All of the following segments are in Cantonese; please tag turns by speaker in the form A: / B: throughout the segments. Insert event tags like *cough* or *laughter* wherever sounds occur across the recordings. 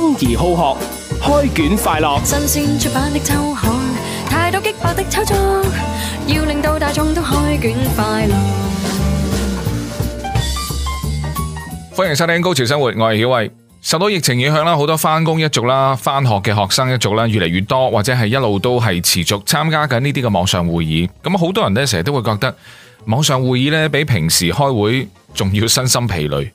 A: 生而好學，開卷快樂。新鮮出版的周刊，太多激烈的炒作，要令到大眾都開卷快樂。歡迎收聽《高潮生活》，我係曉慧。受到疫情影響啦，好多返工一族啦、返學嘅學生一族啦，越嚟越多，或者係一路都係持續參加緊呢啲嘅網上會議。咁好多人咧成日都會覺得網上會議咧比平時開會仲要身心疲累。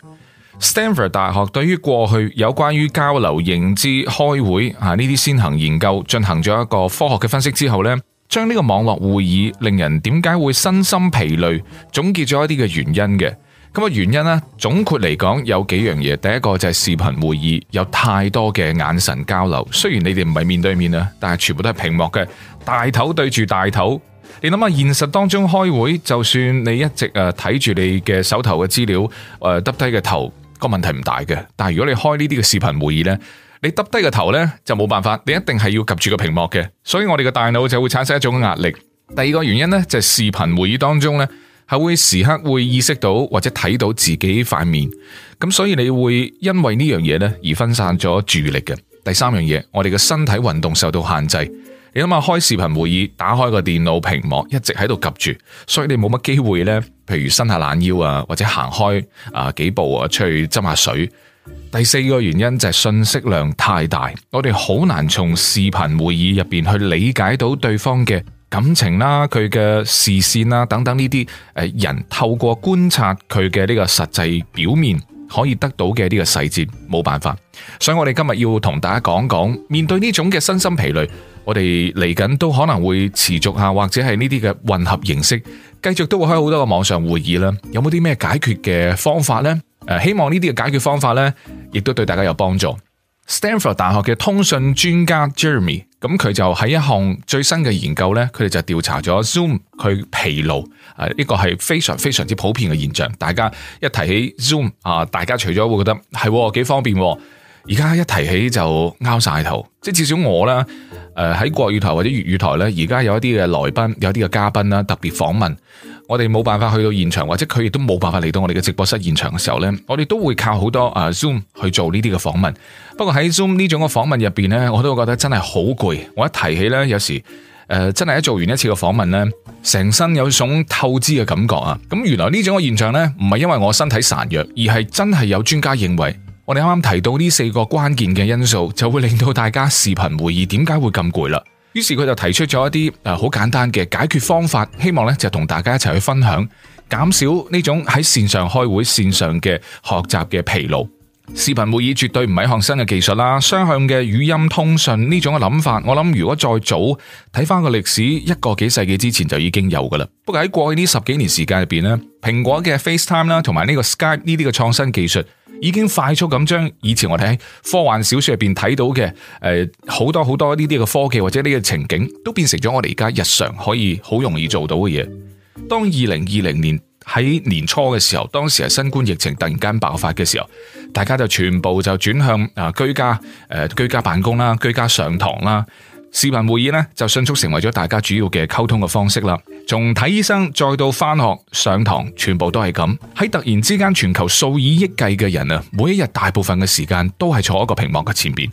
A: Stanford 大學對於過去有關於交流認知開會啊呢啲先行研究進行咗一個科學嘅分析之後呢，將呢個網絡會議令人點解會身心疲累總結咗一啲嘅原因嘅。咁啊原因呢，總括嚟講有幾樣嘢，第一個就係視頻會議有太多嘅眼神交流，雖然你哋唔係面對面啊，但係全部都係屏幕嘅大頭對住大頭，你諗下現實當中開會就算你一直誒，睇住你嘅手頭嘅資料誒，耷、呃、低嘅頭。個問題唔大嘅，但係如果你開呢啲嘅視頻會議呢，你耷低個頭呢，就冇辦法，你一定係要及住個屏幕嘅，所以我哋個大腦就會產生一種壓力。第二個原因呢，就係視頻會議當中呢，係會時刻會意識到或者睇到自己塊面，咁所以你會因為呢樣嘢呢，而分散咗注意力嘅。第三樣嘢，我哋嘅身體運動受到限制。你諗下開視頻會議，打開個電腦屏幕一直喺度 𥄫 住，所以你冇乜機會呢，譬如伸下懶腰啊，或者行開啊幾步啊，出去斟下水。第四個原因就係信息量太大，我哋好難從視頻會議入邊去理解到對方嘅感情啦、啊、佢嘅視線啦、啊、等等呢啲誒，人透過觀察佢嘅呢個實際表面可以得到嘅呢個細節，冇辦法。所以我哋今日要同大家講講，面對呢種嘅身心疲累。我哋嚟緊都可能會持續下，或者係呢啲嘅混合形式，繼續都會開好多個網上會議啦。有冇啲咩解決嘅方法呢？誒，希望呢啲嘅解決方法呢，亦都對大家有幫助。Stanford 大學嘅通訊專家 Jeremy，咁佢就喺一項最新嘅研究呢，佢哋就調查咗 Zoom 佢疲勞，誒，呢個係非常非常之普遍嘅現象。大家一提起 Zoom 啊，大家除咗會覺得係幾、哦、方便。而家一提起就拗晒頭，即至少我啦，誒喺國語台或者粵語台咧，而家有一啲嘅來賓，有啲嘅嘉賓啦，特別訪問，我哋冇辦法去到現場，或者佢亦都冇辦法嚟到我哋嘅直播室現場嘅時候咧，我哋都會靠好多啊 Zoom 去做呢啲嘅訪問。不過喺 Zoom 呢種嘅訪問入邊咧，我都覺得真係好攰。我一提起咧，有時誒真係一做完一次嘅訪問咧，成身有種透支嘅感覺啊！咁原來呢種嘅現象咧，唔係因為我身體孱弱，而係真係有專家認為。我哋啱啱提到呢四個關鍵嘅因素，就會令到大家視頻會議點解會咁攰啦。於是佢就提出咗一啲誒，好簡單嘅解決方法，希望咧就同大家一齊去分享，減少呢種喺線上開會、線上嘅學習嘅疲勞。視頻會議絕對唔係一項新嘅技術啦，雙向嘅語音通訊呢種嘅諗法，我諗如果再早睇翻個歷史，一個幾世紀之前就已經有噶啦。不過喺過去呢十幾年時間入邊咧，蘋果嘅 FaceTime 啦，同埋呢個 Skype 呢啲嘅創新技術，已經快速咁將以前我哋喺科幻小說入邊睇到嘅誒好多好多呢啲嘅科技或者呢個情景，都變成咗我哋而家日常可以好容易做到嘅嘢。當二零二零年，喺年初嘅時候，當時係新冠疫情突然間爆發嘅時候，大家就全部就轉向啊居家誒、呃、居家辦公啦、居家上堂啦、視頻會議呢，就迅速成為咗大家主要嘅溝通嘅方式啦。從睇醫生再到翻學上堂，全部都係咁。喺突然之間，全球數以億計嘅人啊，每一日大部分嘅時間都係坐喺個屏幕嘅前邊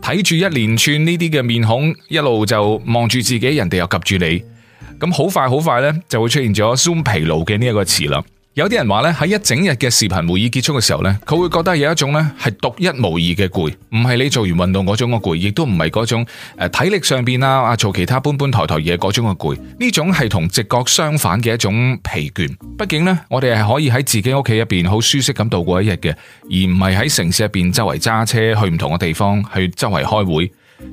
A: 睇住一連串呢啲嘅面孔，一路就望住自己，人哋又及住你。咁好快好快呢，就會出現咗 Zoom 疲勞嘅呢一個詞啦。有啲人話呢，喺一整日嘅視頻會議結束嘅時候呢，佢會覺得有一種呢係獨一無二嘅攰，唔係你做完運動嗰種嘅攰，亦都唔係嗰種誒體力上邊啊啊做其他搬搬抬抬嘢嗰種嘅攰。呢種係同直覺相反嘅一種疲倦。畢竟呢，我哋係可以喺自己屋企入邊好舒適咁度過一日嘅，而唔係喺城市入邊周圍揸車去唔同嘅地方去周圍開會。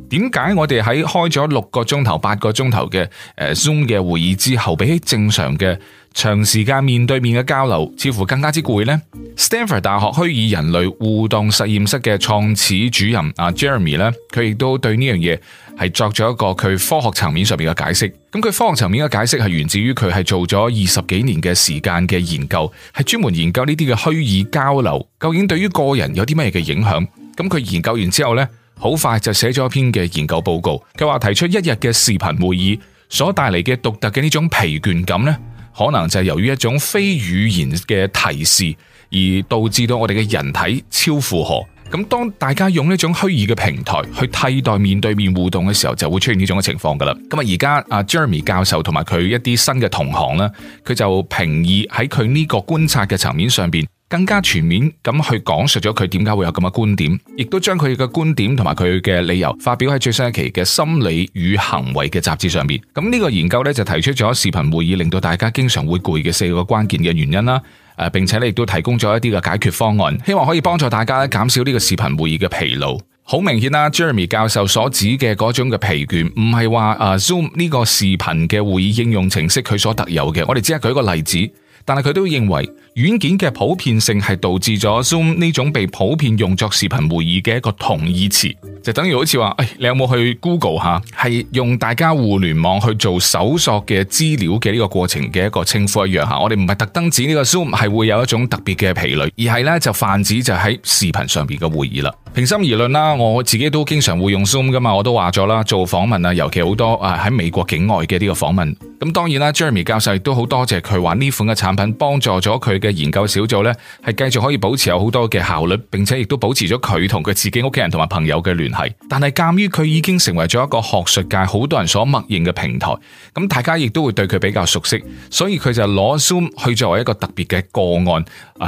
A: 點解我哋喺開咗六個鐘頭、八個鐘頭嘅誒 Zoom 嘅會議之後，比起正常嘅長時間面對面嘅交流，似乎更加之攰呢？Stanford 大學虛擬人類互動實驗室嘅創始主任啊 Jeremy 呢，佢亦都對呢樣嘢係作咗一個佢科學層面上面嘅解釋。咁佢科學層面嘅解釋係源自於佢係做咗二十幾年嘅時間嘅研究，係專門研究呢啲嘅虛擬交流究竟對於個人有啲咩嘅影響。咁佢研究完之後呢，好快就寫咗一篇嘅研究報告，佢話提出一日嘅視頻會議所帶嚟嘅獨特嘅呢種疲倦感呢，可能就係由於一種非語言嘅提示而導致到我哋嘅人體超負荷。咁當大家用呢種虛擬嘅平台去替代面對面互動嘅時候，就會出現呢種嘅情況噶啦。咁啊，而家阿 Jeremy 教授同埋佢一啲新嘅同行，呢佢就評議喺佢呢個觀察嘅層面上邊。更加全面咁去講述咗佢點解會有咁嘅觀點，亦都將佢嘅觀點同埋佢嘅理由發表喺最新一期嘅心理與行為嘅雜誌上面。咁呢個研究咧就提出咗視頻會議令到大家經常會攰嘅四個關鍵嘅原因啦。誒，並且咧亦都提供咗一啲嘅解決方案，希望可以幫助大家咧減少呢個視頻會議嘅疲勞。好明顯啦，Jeremy 教授所指嘅嗰種嘅疲倦唔係話誒 Zoom 呢個視頻嘅會議應用程式佢所特有嘅。我哋只係舉個例子，但係佢都認為。軟件嘅普遍性係導致咗 Zoom 呢種被普遍用作視頻會議嘅一個同義詞，就等於好似話，誒、哎，你有冇去 Google 吓？係用大家互聯網去做搜索嘅資料嘅呢個過程嘅一個稱呼一樣吓。我哋唔係特登指呢個 Zoom 係會有一種特別嘅疲累，而係呢就泛指就喺視頻上邊嘅會議啦。平心而論啦，我自己都經常會用 Zoom 噶嘛，我都話咗啦，做訪問啊，尤其好多啊喺美國境外嘅呢個訪問。咁當然啦，Jeremy 教授亦都好多謝佢話呢款嘅產品幫助咗佢嘅。研究小組咧，係繼續可以保持有好多嘅效率，並且亦都保持咗佢同佢自己屋企人同埋朋友嘅聯繫。但係鑑於佢已經成為咗一個學術界好多人所默認嘅平台，咁大家亦都會對佢比較熟悉，所以佢就攞 Zoom 去作為一個特別嘅個案，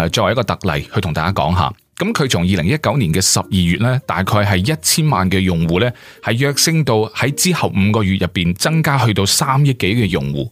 A: 誒，作為一個特例去同大家講下。咁佢從二零一九年嘅十二月呢，大概係一千萬嘅用戶呢，係躍升到喺之後五個月入邊增加去到三億幾嘅用戶。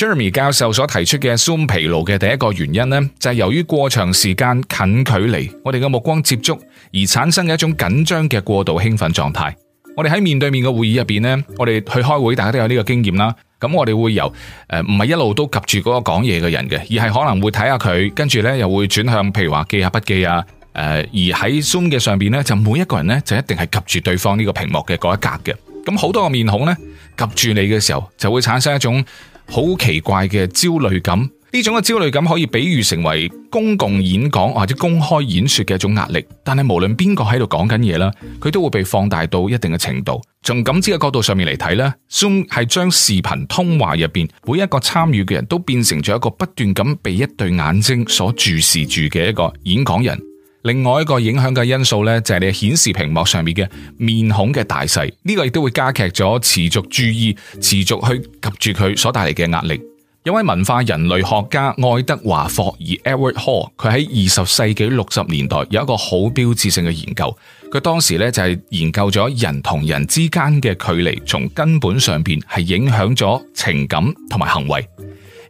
A: Jeremy 教授所提出嘅 Zoom 疲勞嘅第一個原因呢，就係、是、由於過長時間近距離，我哋嘅目光接觸而產生嘅一種緊張嘅過度興奮狀態。我哋喺面對面嘅會議入邊呢，我哋去開會，大家都有呢個經驗啦。咁我哋會由誒唔係一路都及住嗰個講嘢嘅人嘅，而係可能會睇下佢，跟住呢又會轉向，譬如話記下筆記啊。誒、呃，而喺 Zoom 嘅上邊呢，就每一個人呢，就一定係及住對方呢個屏幕嘅嗰一格嘅。咁好多個面孔呢，及住你嘅時候，就會產生一種。好奇怪嘅焦慮感，呢種嘅焦慮感可以比喻成為公共演講或者公開演說嘅一種壓力。但係無論邊個喺度講緊嘢啦，佢都會被放大到一定嘅程度。從感知嘅角度上面嚟睇咧，Zoom 係將視頻通話入面，每一個參與嘅人都變成咗一個不斷咁被一對眼睛所注視住嘅一個演講人。另外一個影響嘅因素呢，就係你顯示屏幕上面嘅面孔嘅大細，呢個亦都會加劇咗持續注意、持續去及住佢所帶嚟嘅壓力。 *music* 有位文化人類學家愛德華霍爾 （Edward Hall），佢喺二十世紀六十年代有一個好標誌性嘅研究。佢當時呢，就係研究咗人同人之間嘅距離，從根本上邊係影響咗情感同埋行為。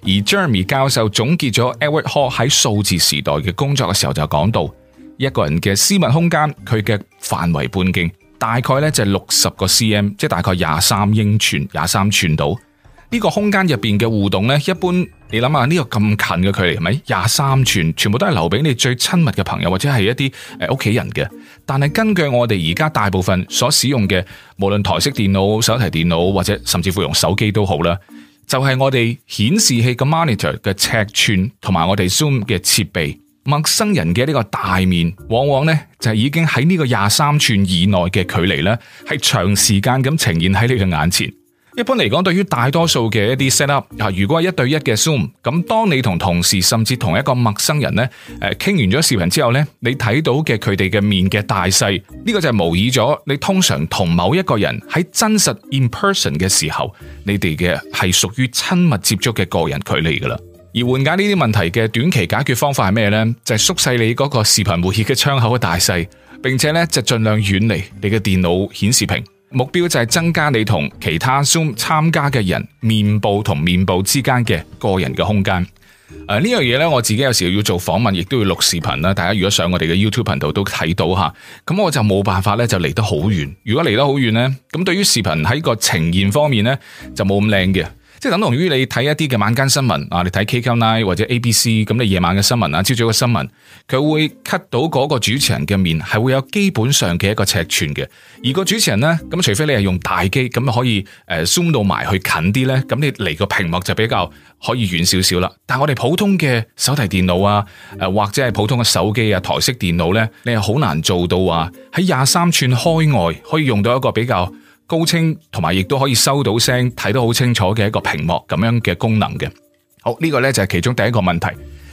A: 而 Jeremy 教授總結咗 Edward Hall 喺數字時代嘅工作嘅時候就講到。一個人嘅私密空間，佢嘅範圍半徑大概呢就係六十個 cm，即係大概廿三英寸、廿三寸度。呢個空間入邊嘅互動呢，一般你諗下呢個咁近嘅距離係咪廿三寸？全部都係留俾你最親密嘅朋友或者係一啲誒屋企人嘅。但係根據我哋而家大部分所使用嘅，無論台式電腦、手提電腦或者甚至乎用手機都好啦，就係我哋顯示器嘅 monitor 嘅尺寸同埋我哋 zoom 嘅設備。陌生人嘅呢個大面，往往呢，就係、是、已經喺呢個廿三寸以內嘅距離呢，係長時間咁呈現喺你嘅眼前。一般嚟講，對於大多數嘅一啲 set up，如果係一對一嘅 zoom，咁當你同同事甚至同一個陌生人呢，誒傾完咗視頻之後呢，你睇到嘅佢哋嘅面嘅大細，呢、這個就係模擬咗你通常同某一個人喺真實 in person 嘅時候，你哋嘅係屬於親密接觸嘅個人距離噶啦。而緩解呢啲問題嘅短期解決方法係咩呢？就係縮細你嗰個視頻會議嘅窗口嘅大細，並且呢就盡量遠離你嘅電腦顯示屏。目標就係增加你同其他 Zoom 參加嘅人面部同面部之間嘅個人嘅空間。誒、啊，呢樣嘢呢，我自己有時候要做訪問，亦都要錄視頻啦。大家如果上我哋嘅 YouTube 頻道都睇到吓，咁我就冇辦法咧，就離得好遠。如果離得好遠呢，咁對於視頻喺個呈現方面呢，就冇咁靚嘅。即係等同於你睇一啲嘅晚間新聞啊，你睇 K 交 n 或者 A B C 咁，你夜晚嘅新聞啊，朝早嘅新聞，佢會 cut 到嗰個主持人嘅面係會有基本上嘅一個尺寸嘅，而個主持人呢，咁除非你係用大機咁可以誒 zoom 到埋去近啲呢，咁你離個屏幕就比較可以遠少少啦。但係我哋普通嘅手提電腦啊，誒或者係普通嘅手機啊，台式電腦呢，你係好難做到啊。喺廿三寸開外可以用到一個比較高清同埋亦都可以收到聲，睇得好清楚嘅一個屏幕，咁樣嘅功能嘅，好，呢個呢就係其中第一個問題。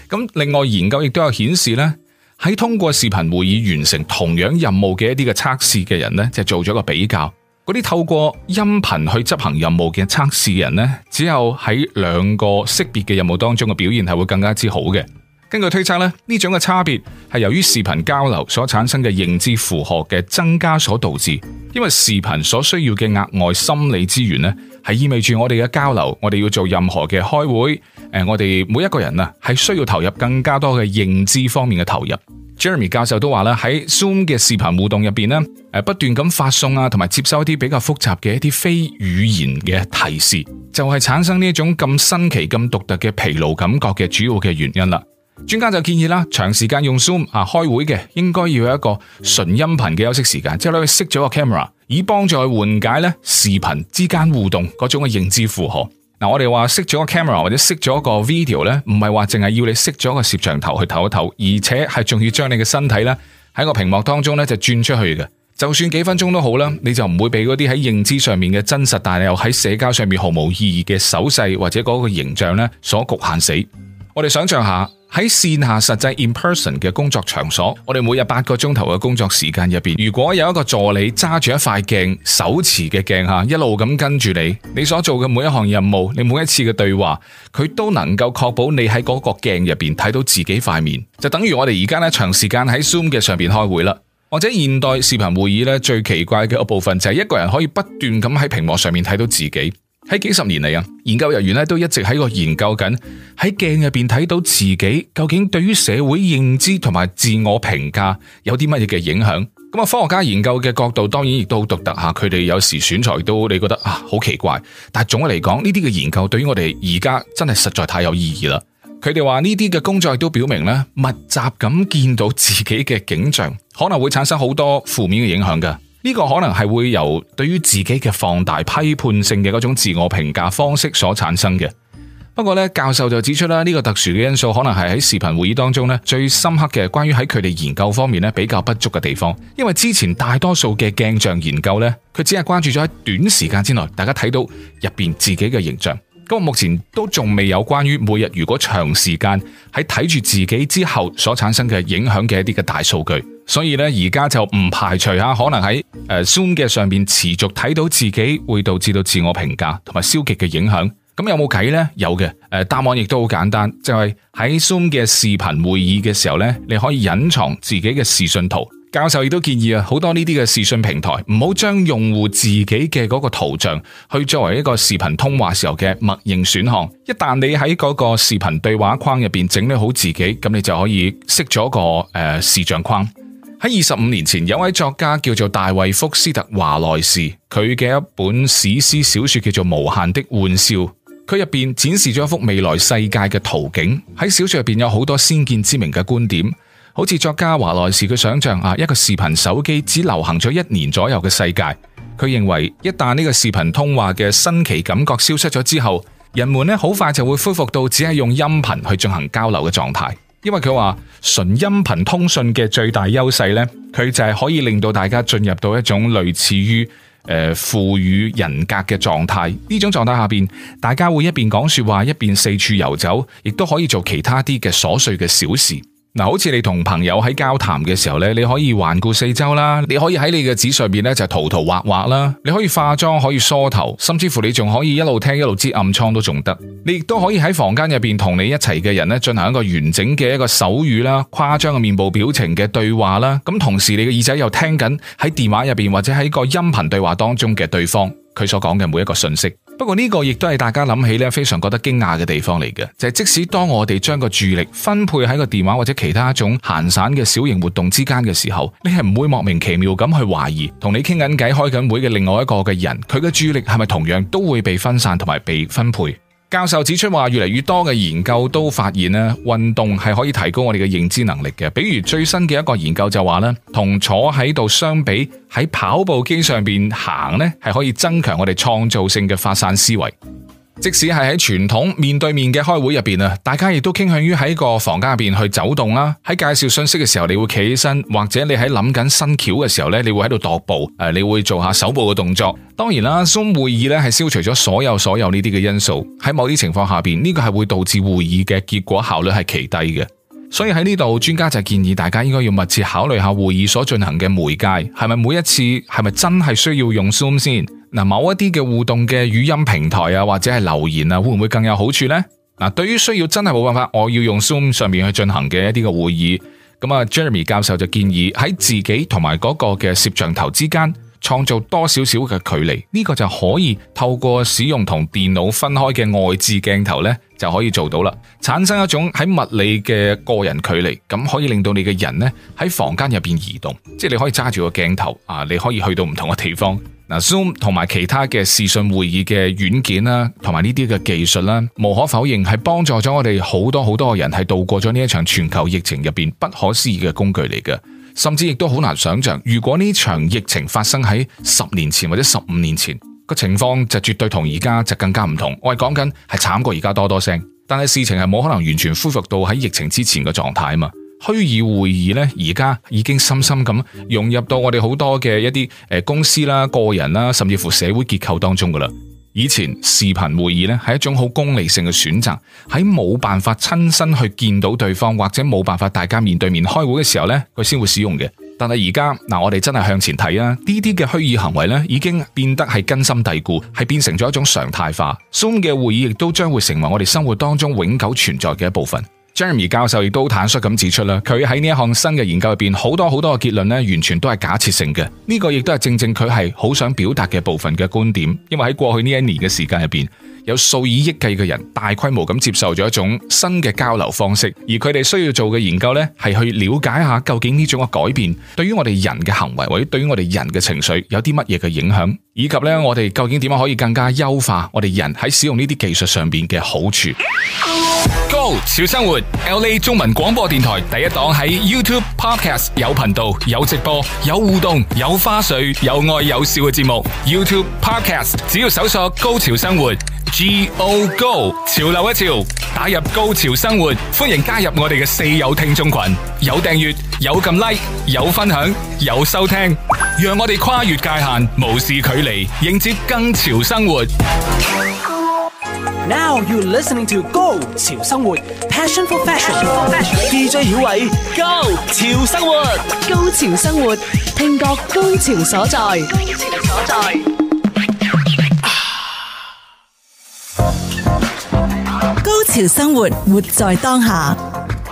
A: 咁另外研究亦都有顯示呢，喺通過視頻會議完成同樣任務嘅一啲嘅測試嘅人呢，就是、做咗個比較。嗰啲透過音頻去執行任務嘅測試人呢，只有喺兩個識別嘅任務當中嘅表現係會更加之好嘅。根據推測，呢種嘅差別係由於視頻交流所產生嘅認知負荷嘅增加所導致。因為視頻所需要嘅額外心理資源咧，係意味住我哋嘅交流，我哋要做任何嘅開會，誒，我哋每一個人啊係需要投入更加多嘅認知方面嘅投入。Jeremy 教授都話啦，喺 Zoom 嘅視頻互動入邊咧，誒，不斷咁發送啊，同埋接收一啲比較複雜嘅一啲非語言嘅提示，就係產生呢一種咁新奇、咁獨特嘅疲勞感覺嘅主要嘅原因啦。專家就建議啦，長時間用 Zoom 啊開會嘅，應該要有一個純音頻嘅休息時間，即係你可以熄咗個 camera，以幫助緩解咧視頻之間互動嗰種嘅認知負荷。嗱，啊，我哋話熄咗個 camera 或者熄咗個 video 咧，唔係話淨係要你熄咗個攝像頭去唞一唞，而且係仲要將你嘅身體咧喺個屏幕當中咧就轉出去嘅，就算幾分鐘都好啦，你就唔會俾嗰啲喺認知上面嘅真實，但係又喺社交上面毫無意義嘅手勢或者嗰個形象咧所局限死。我哋想象下。喺線下實際 in person 嘅工作場所，我哋每日八個鐘頭嘅工作時間入邊，如果有一個助理揸住一塊鏡，手持嘅鏡吓，一路咁跟住你，你所做嘅每一項任務，你每一次嘅對話，佢都能夠確保你喺嗰個鏡入邊睇到自己塊面，就等於我哋而家咧長時間喺 Zoom 嘅上邊開會啦，或者現代視頻會議咧最奇怪嘅一部分就係一個人可以不斷咁喺屏幕上面睇到自己。喺幾十年嚟，研究人員都一直喺度研究緊，喺鏡入邊睇到自己究竟對於社會認知同埋自我評價有啲乜嘢嘅影響？科學家研究嘅角度當然亦都好獨特，佢哋有時選材都你覺得啊好奇怪，但係總嘅嚟講，呢啲嘅研究對於我哋而家真係實在太有意義啦。佢哋話呢啲嘅工作亦都表明咧，密集咁見到自己嘅景象，可能會產生好多負面嘅影響嘅。呢個可能係會由對於自己嘅放大批判性嘅嗰種自我評價方式所產生嘅。不過呢，教授就指出啦，呢個特殊嘅因素可能係喺視頻會議當中呢最深刻嘅、關於喺佢哋研究方面呢比較不足嘅地方。因為之前大多數嘅鏡像研究呢，佢只係關注咗喺短時間之內，大家睇到入邊自己嘅形象。咁啊，目前都仲未有關於每日如果長時間喺睇住自己之後所產生嘅影響嘅一啲嘅大數據。所以呢，而家就唔排除啊，可能喺誒 Zoom 嘅上面持續睇到自己，會導致到自我評價同埋消極嘅影響。咁有冇計呢？有嘅。誒，答案亦都好簡單，就係、是、喺 Zoom 嘅視頻會議嘅時候呢，你可以隱藏自己嘅視訊圖。教授亦都建議啊，好多呢啲嘅視訊平台唔好將用戶自己嘅嗰個圖像去作為一個視頻通話時候嘅默認選項。一旦你喺嗰個視頻對話框入邊整理好自己，咁你就可以熄咗個誒、呃、視像框。喺二十五年前，有位作家叫做大衛福斯特華萊士，佢嘅一本史詩小說叫做《無限的玩笑》，佢入邊展示咗一幅未來世界嘅圖景。喺小說入邊有好多先見之明嘅觀點，好似作家華萊士佢想象啊，一個視頻手機只流行咗一年左右嘅世界。佢認為，一旦呢個視頻通話嘅新奇感覺消失咗之後，人們咧好快就會恢復到只係用音頻去進行交流嘅狀態。因為佢話純音頻通訊嘅最大優勢呢，佢就係可以令到大家進入到一種類似於誒賦予人格嘅狀態。呢種狀態下邊，大家會一邊講說話，一邊四處遊走，亦都可以做其他啲嘅瑣碎嘅小事。嗱，好似你同朋友喺交談嘅時候咧，你可以環顧四周啦，你可以喺你嘅紙上面咧就塗塗畫畫啦，你可以化妝，可以梳頭，甚至乎你仲可以一路聽一路擠暗瘡都仲得。你亦都可以喺房間入邊同你一齊嘅人咧進行一個完整嘅一個手語啦、誇張嘅面部表情嘅對話啦。咁同時你嘅耳仔又聽緊喺電話入邊或者喺個音頻對話當中嘅對方佢所講嘅每一個信息，不過呢個亦都係大家諗起呢非常覺得驚訝嘅地方嚟嘅，就係、是、即使當我哋將個注意力分配喺個電話或者其他一種閒散嘅小型活動之間嘅時候，你係唔會莫名其妙咁去懷疑同你傾緊偈、開緊會嘅另外一個嘅人，佢嘅注意力係咪同樣都會被分散同埋被分配？教授指出話，越嚟越多嘅研究都發現咧，運動係可以提高我哋嘅認知能力嘅。比如最新嘅一個研究就話咧，同坐喺度相比，喺跑步機上邊行咧，係可以增強我哋創造性嘅發散思維。即使係喺傳統面對面嘅開會入邊啊，大家亦都傾向於喺個房間入邊去走動啦。喺介紹信息嘅時候，你會企起身，或者你喺諗緊新橋嘅時候你會喺度踱步。你會做下手部嘅動作。當然啦，Zoom 會議咧係消除咗所有所有呢啲嘅因素。喺某啲情況下邊，呢、呢個係會導致會議嘅結果效率係奇低嘅。所以喺呢度，專家就建議大家應該要密切考慮下會議所進行嘅媒介係咪每一次係咪真係需要用 Zoom 先？嗱，某一啲嘅互動嘅語音平台啊，或者係留言啊，會唔會更有好處呢？嗱，對於需要真係冇辦法我要用 Zoom 上面去進行嘅一啲嘅會議，咁啊，Jeremy 教授就建議喺自己同埋嗰個嘅攝像頭之間。創造多少少嘅距離，呢個就可以透過使用同電腦分開嘅外置鏡頭呢就可以做到啦。產生一種喺物理嘅個人距離，咁可以令到你嘅人呢喺房間入邊移動，即係你可以揸住個鏡頭啊，你可以去到唔同嘅地方。嗱，Zoom 同埋其他嘅視訊會議嘅軟件啦，同埋呢啲嘅技術啦，無可否認係幫助咗我哋好多好多嘅人係度過咗呢一場全球疫情入邊不可思議嘅工具嚟嘅。甚至亦都好難想象，如果呢場疫情發生喺十年前或者十五年前，個情況就絕對同而家就更加唔同。我係講緊係慘過而家多多聲，但係事情係冇可能完全恢復到喺疫情之前嘅狀態嘛。虛擬會議呢，而家已經深深咁融入到我哋好多嘅一啲誒公司啦、啊、個人啦、啊，甚至乎社會結構當中噶啦。以前視頻會議咧係一種好功利性嘅選擇，喺冇辦法親身去見到對方或者冇辦法大家面對面開會嘅時候咧，佢先會使用嘅。但係而家，我哋真係向前睇啊！呢啲嘅虛擬行為咧，已經變得係根深蒂固，係變成咗一種常態化。Zoom 嘅會議亦都將會成為我哋生活當中永久存在嘅一部分。Jeremy 教授亦都坦率咁指出啦，佢喺呢一項新嘅研究入邊，好多好多嘅結論呢，完全都係假設性嘅。呢、這個亦都係正正佢係好想表達嘅部分嘅觀點，因為喺過去呢一年嘅時間入邊，有數以億計嘅人大規模咁接受咗一種新嘅交流方式，而佢哋需要做嘅研究呢，係去了解一下究竟呢種嘅改變，對於我哋人嘅行為或者對於我哋人嘅情緒有啲乜嘢嘅影響。以及咧，我哋究竟點樣可以更加優化我哋人喺使用呢啲技術上邊嘅好處？Go 潮生活，LA 中文廣播電台第一檔喺 YouTube Podcast 有頻道、有直播、有互動、有花絮、有愛有笑嘅節目。YouTube Podcast 只要搜索高潮生活，Go Go 潮流一潮，打入高潮生活，歡迎加入我哋嘅四有聽眾群，有訂閱、有撳 like、有分享、有收聽，讓我哋跨越界限，無視佢。嚟迎接更潮生活。Now you listening to 高潮生活，Passion for fashion。DJ 小偉，高潮生活，高潮生活，聽覺高潮所在。高潮所在。高潮生活，活在當下。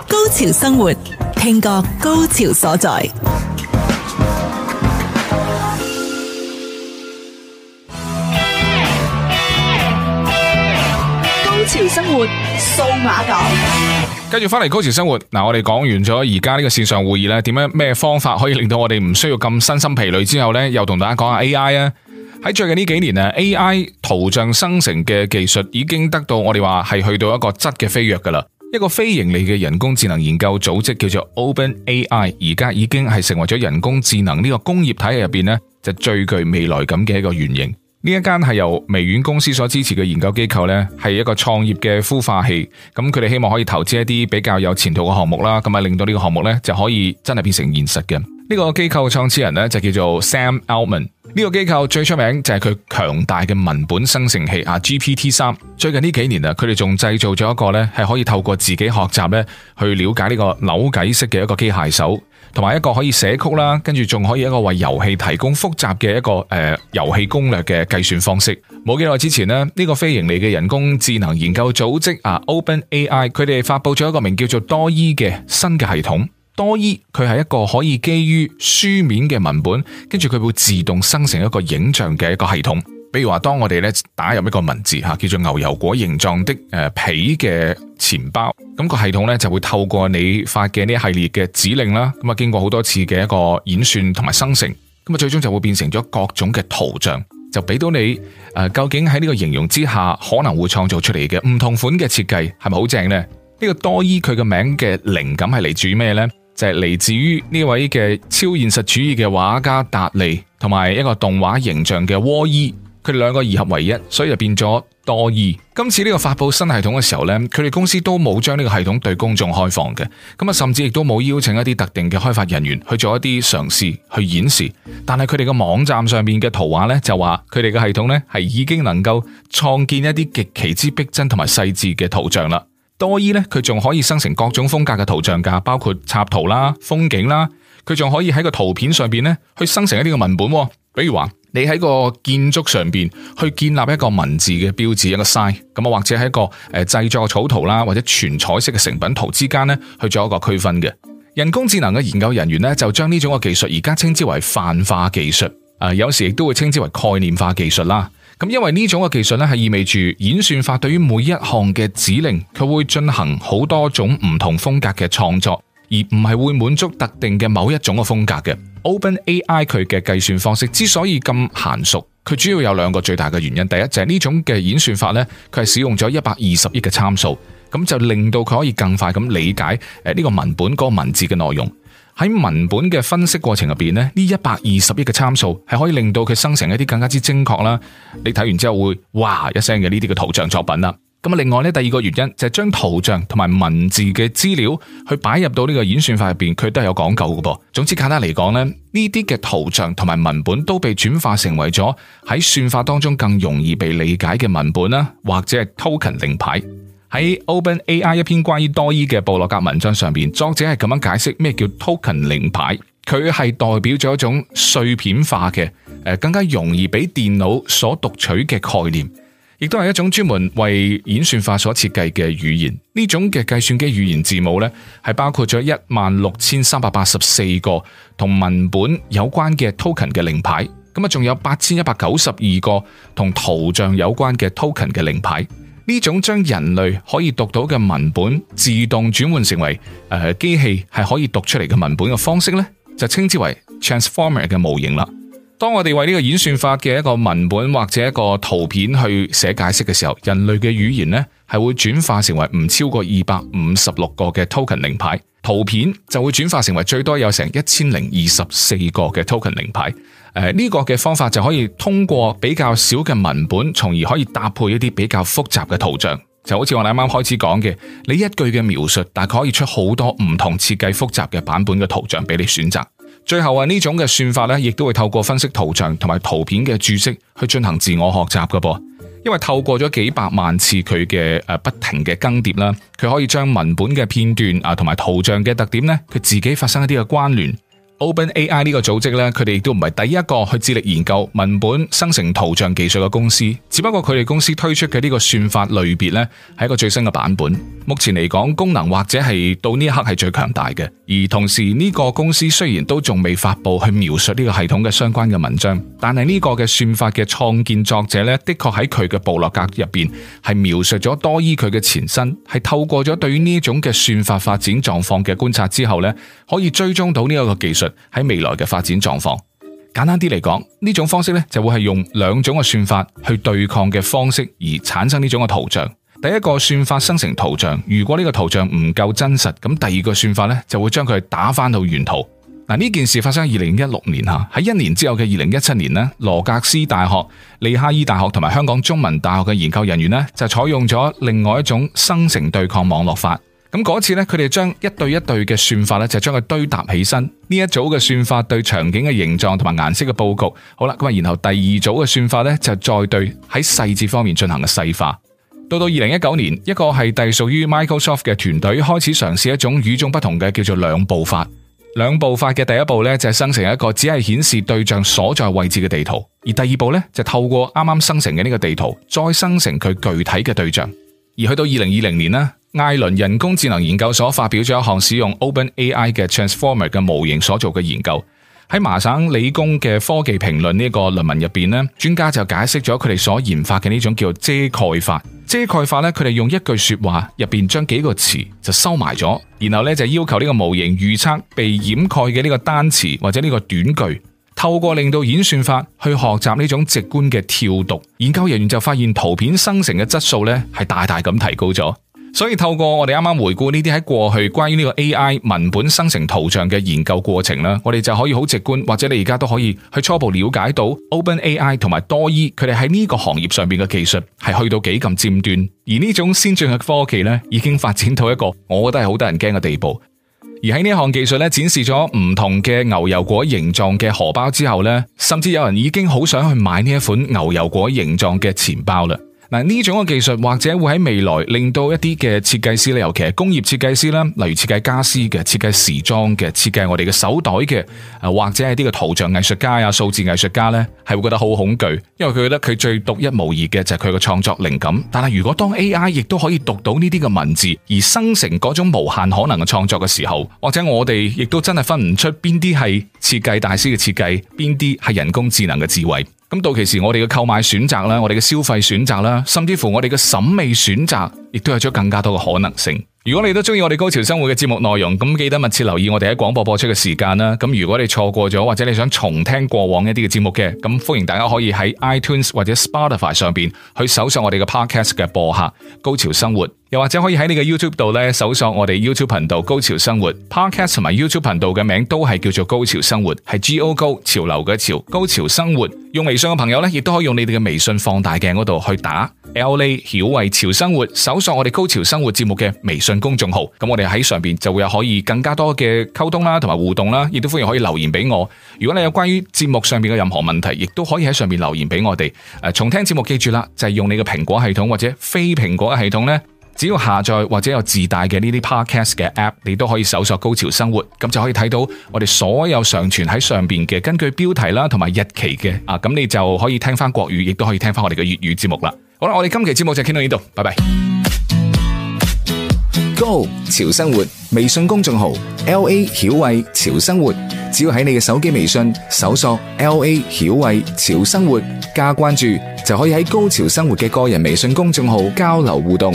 A: 高潮生活，聽覺高潮所在。生活數碼港，跟住翻嚟高潮生活嗱，我哋講完咗而家呢個線上會議咧，點樣咩方法可以令到我哋唔需要咁身心疲累之後呢？又同大家講下 AI 啊！喺最近呢幾年啊，AI 圖像生成嘅技術已經得到我哋話係去到一個質嘅飛躍噶啦。一個非盈利嘅人工智能研究組織叫做 Open AI，而家已經係成為咗人工智能呢個工業體系入邊呢，就最具未來感嘅一個原型。呢一間係由微軟公司所支持嘅研究機構呢，係一個創業嘅孵化器。咁佢哋希望可以投資一啲比較有前途嘅項目啦，咁啊令到呢個項目呢就可以真係變成現實嘅。呢個機構嘅創始人呢，就叫做 Sam Altman。呢個機構最出名就係佢強大嘅文本生成器啊，GPT 三。最近呢幾年啊，佢哋仲製造咗一個呢係可以透過自己學習呢去了解呢個扭計式嘅一個機械手。同埋一個可以寫曲啦，跟住仲可以一個為遊戲提供複雜嘅一個誒、呃、遊戲攻略嘅計算方式。冇幾耐之前呢，呢、這個非營利嘅人工智能研究組織啊，OpenAI，佢哋發佈咗一個名叫做多伊嘅新嘅系統。多伊佢係一個可以基於書面嘅文本，跟住佢會自動生成一個影像嘅一個系統。比如話，當我哋咧打入一個文字吓，叫做牛油果形狀的誒皮嘅錢包，咁個系統咧就會透過你發嘅呢系列嘅指令啦，咁啊經過好多次嘅一個演算同埋生成，咁啊最終就會變成咗各種嘅圖像，就俾到你誒、啊，究竟喺呢個形容之下可能會創造出嚟嘅唔同款嘅設計，係咪好正呢？呢、這個多伊佢嘅名嘅靈感係嚟自咩呢？就係、是、嚟自於呢位嘅超現實主義嘅畫家達利，同埋一個動畫形象嘅窩伊。佢哋兩個二合為一，所以就變咗多二。今次呢個發布新系統嘅時候呢，佢哋公司都冇將呢個系統對公眾開放嘅，咁啊甚至亦都冇邀請一啲特定嘅開發人員去做一啲嘗試去演示。但係佢哋個網站上面嘅圖畫呢，就話，佢哋嘅系統呢，係已經能夠創建一啲極其之逼真同埋細緻嘅圖像啦。多二呢，佢仲可以生成各種風格嘅圖像噶，包括插圖啦、風景啦，佢仲可以喺個圖片上邊呢，去生成一啲嘅文本，比如話。你喺個建築上邊去建立一個文字嘅標誌一個 sign，咁啊或者喺一個誒製作草圖啦或者全彩色嘅成品圖之間咧去做一個區分嘅。人工智能嘅研究人員咧就將呢種嘅技術而家稱之為泛化技術，誒有時亦都會稱之為概念化技術啦。咁因為呢種嘅技術咧係意味住演算法對於每一項嘅指令，佢會進行好多種唔同風格嘅創作。而唔係會滿足特定嘅某一種嘅風格嘅。OpenAI 佢嘅計算方式之所以咁嫻熟，佢主要有兩個最大嘅原因。第一就係呢種嘅演算法呢，佢係使用咗一百二十億嘅參數，咁就令到佢可以更快咁理解誒呢個文本嗰個文字嘅內容。喺文本嘅分析過程入邊咧，呢一百二十億嘅參數係可以令到佢生成一啲更加之精確啦。你睇完之後會嘩一聲嘅呢啲嘅圖像作品啦。咁另外咧，第二個原因就係將圖像同埋文字嘅資料去擺入到呢個演算法入邊，佢都係有講究嘅噃。總之簡單嚟講咧，呢啲嘅圖像同埋文本都被轉化成為咗喺算法當中更容易被理解嘅文本啦，或者係 token 令牌。喺 OpenAI 一篇關於多伊嘅部落格文章上邊，作者係咁樣解釋咩叫 token 令牌，佢係代表咗一種碎片化嘅誒，更加容易俾電腦所讀取嘅概念。亦都係一種專門為演算法所設計嘅語言。呢種嘅計算機語言字母呢，係包括咗一萬六千三百八十四個同文本有關嘅 token 嘅令牌。咁啊，仲有八千一百九十二個同圖像有關嘅 token 嘅令牌。呢種將人類可以讀到嘅文本自動轉換成為誒、呃、機器係可以讀出嚟嘅文本嘅方式呢，就稱之為 transformer 嘅模型啦。當我哋為呢個演算法嘅一個文本或者一個圖片去寫解釋嘅時候，人類嘅語言呢係會轉化成為唔超過二百五十六個嘅 token 令牌，圖片就會轉化成為最多有成一千零二十四個嘅 token 令牌。誒、呃，呢、呢個嘅方法就可以通過比較少嘅文本，從而可以搭配一啲比較複雜嘅圖像，就好似我哋啱啱開始講嘅，你一句嘅描述，大概可以出好多唔同設計複雜嘅版本嘅圖像俾你選擇。最後啊，呢種嘅算法呢，亦都會透過分析圖像同埋圖片嘅注釋去進行自我學習噶噃，因為透過咗幾百萬次佢嘅不停嘅更迭啦，佢可以將文本嘅片段啊同埋圖像嘅特點呢，佢自己發生一啲嘅關聯。OpenAI 呢個組織呢，佢哋亦都唔係第一個去致力研究文本生成圖像技術嘅公司，只不過佢哋公司推出嘅呢個算法類別呢，係一個最新嘅版本。目前嚟講，功能或者係到呢一刻係最強大嘅。而同時呢個公司雖然都仲未發布去描述呢個系統嘅相關嘅文章，但係呢個嘅算法嘅創建作者呢，的確喺佢嘅部落格入邊係描述咗多依佢嘅前身，係透過咗對於呢種嘅算法發展狀況嘅觀察之後呢，可以追蹤到呢個技術。喺未來嘅發展狀況，簡單啲嚟講，呢種方式咧就會係用兩種嘅算法，去對抗嘅方式而產生呢種嘅圖像。第一個算法生成圖像，如果呢個圖像唔夠真實，咁第二個算法咧就會將佢打返到原圖。嗱，呢件事發生喺二零一六年吓，喺一年之後嘅二零一七年呢，羅格斯大學、利哈伊大學同埋香港中文大學嘅研究人員呢，就採用咗另外一種生成對抗網絡法。咁嗰次呢，佢哋將一對一對嘅算法呢，就將佢堆搭起身。呢一組嘅算法對場景嘅形狀同埋顏色嘅布局，好啦，咁啊，然後第二組嘅算法呢，就再對喺細節方面進行嘅細化。到到二零一九年，一個係隸屬於 Microsoft 嘅團隊開始嘗試一種與眾不同嘅叫做兩步法。兩步法嘅第一步呢，就係生成一個只係顯示對象所在位置嘅地圖，而第二步呢，就透過啱啱生成嘅呢個地圖再生成佢具體嘅對象。而去到二零二零年呢。艾倫人工智能研究所發表咗一項使用 OpenAI 嘅 Transformer 嘅模型所做嘅研究，喺麻省理工嘅科技評論呢個論文入邊咧，專家就解釋咗佢哋所研發嘅呢種叫遮蓋法。遮蓋法咧，佢哋用一句說話入邊將幾個詞就收埋咗，然後咧就要求呢個模型預測被掩蓋嘅呢個單詞或者呢個短句，透過令到演算法去學習呢種直觀嘅跳讀。研究人員就發現圖片生成嘅質素咧係大大咁提高咗。所以透過我哋啱啱回顧呢啲喺過去關於呢個 AI 文本生成圖像嘅研究過程啦，我哋就可以好直觀，或者你而家都可以去初步了解到 OpenAI 同埋多伊佢哋喺呢個行業上邊嘅技術係去到幾咁尖端，而呢種先進嘅科技咧，已經發展到一個我覺得係好得人驚嘅地步。而喺呢項技術咧展示咗唔同嘅牛油果形狀嘅荷包之後咧，甚至有人已經好想去買呢一款牛油果形狀嘅錢包啦。嗱，呢種嘅技術或者會喺未來令到一啲嘅設計師咧，尤其係工業設計師啦，例如設計家私嘅、設計時裝嘅、設計我哋嘅手袋嘅，啊或者係啲個圖像藝術家啊、數字藝術家呢，係會覺得好恐懼，因為佢覺得佢最獨一無二嘅就係佢嘅創作靈感。但係如果當 AI 亦都可以讀到呢啲嘅文字而生成嗰種無限可能嘅創作嘅時候，或者我哋亦都真係分唔出邊啲係設計大師嘅設計，邊啲係人工智能嘅智慧。咁到其時，我哋嘅購買選擇啦，我哋嘅消費選擇啦，甚至乎我哋嘅審美選擇，亦都有咗更加多嘅可能性。如果你都中意我哋《高潮生活》嘅節目內容，咁記得密切留意我哋喺廣播播出嘅時間啦。咁如果你錯過咗，或者你想重聽過往一啲嘅節目嘅，咁歡迎大家可以喺 iTunes 或者 Spotify 上邊去搜索我哋嘅 Podcast 嘅播客《高潮生活》。又或者可以喺你嘅 YouTube 度咧搜索我哋 YouTube 頻道《高潮生活》Podcast 同埋 YouTube 頻道嘅名都係叫做《高潮生活》，係 G O 高潮流嘅潮，高潮生活。用微信嘅朋友咧，亦都可以用你哋嘅微信放大鏡嗰度去打 L A 曉慧潮生活，搜索我哋《高潮生活》節目嘅微信公眾號。咁我哋喺上邊就會有可以有更加多嘅溝通啦，同埋互動啦，亦都歡迎可以留言俾我。如果你有關於節目上面嘅任何問題，亦都可以喺上面留言俾我哋。誒，重聽節目記住啦，就係、是、用你嘅蘋果系統或者非蘋果系統咧。只要下載或者有自帶嘅呢啲 podcast 嘅 app，你都可以搜索高潮生活，咁就可以睇到我哋所有上傳喺上邊嘅根據標題啦，同埋日期嘅啊，咁你就可以聽翻國語，亦都可以聽翻我哋嘅粵語節目啦。好啦，我哋今期節目就傾到呢度，拜拜。Go 潮生活微信公眾號 L A 曉慧潮生活，只要喺你嘅手機微信搜索 L A 曉慧潮生活加關注，就可以喺高潮生活嘅個人微信公眾號交流互動。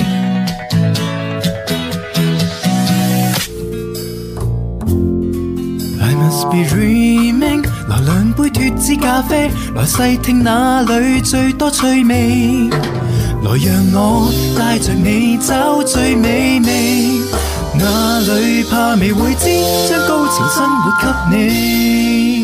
A: 來兩杯脫脂咖啡，來細聽哪裏最多趣味。來讓我帶着你找最美味，哪裏怕未會知將高潮生活給你。